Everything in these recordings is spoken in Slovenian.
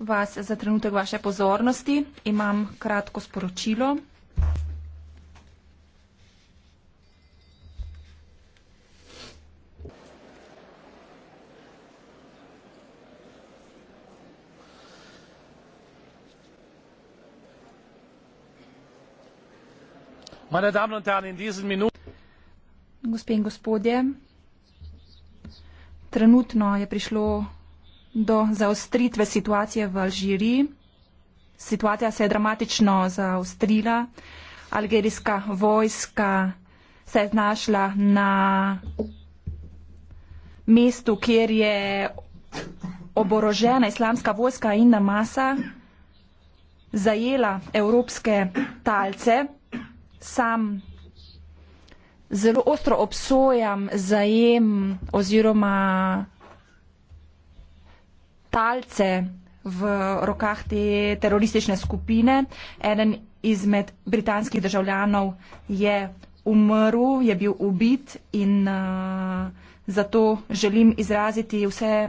vas za trenutek vaše pozornosti. Imam kratko sporočilo. Gospe in gospodje, trenutno je prišlo do zaostritve situacije v Alžiriji. Situacija se je dramatično zaostrila. Algerijska vojska se je znašla na mestu, kjer je oborožena islamska vojska in namasa zajela evropske talce. Sam zelo ostro obsojam zajem oziroma talce v rokah te teroristične skupine. Eden izmed britanskih državljanov je umrl, je bil ubit in uh, zato želim izraziti vse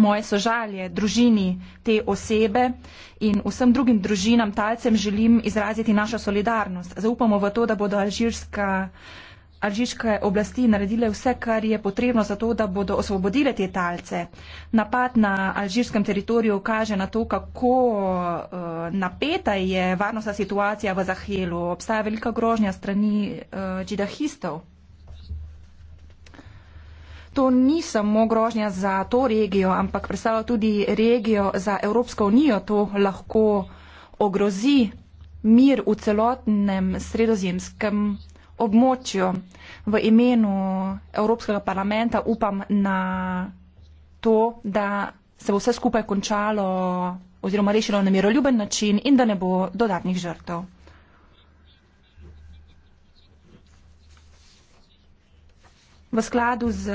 moje sožalje družini te osebe in vsem drugim družinam talcem želim izraziti našo solidarnost. Zaupamo v to, da bodo alžirska uh, alžirske oblasti naredile vse, kar je potrebno za to, da bodo osvobodile te talce. Napad na alžirskem teritoriju kaže na to, kako uh, napeta je varnostna situacija v Zahelu. Obstaja velika grožnja strani uh, džidahistov. To ni samo grožnja za to regijo, ampak predstavlja tudi regijo za Evropsko unijo. To lahko ogrozi mir v celotnem sredozemskem območju v imenu Evropskega parlamenta upam na to, da se bo vse skupaj končalo oziroma rešilo na miroljuben način in da ne bo dodatnih žrtev. V skladu z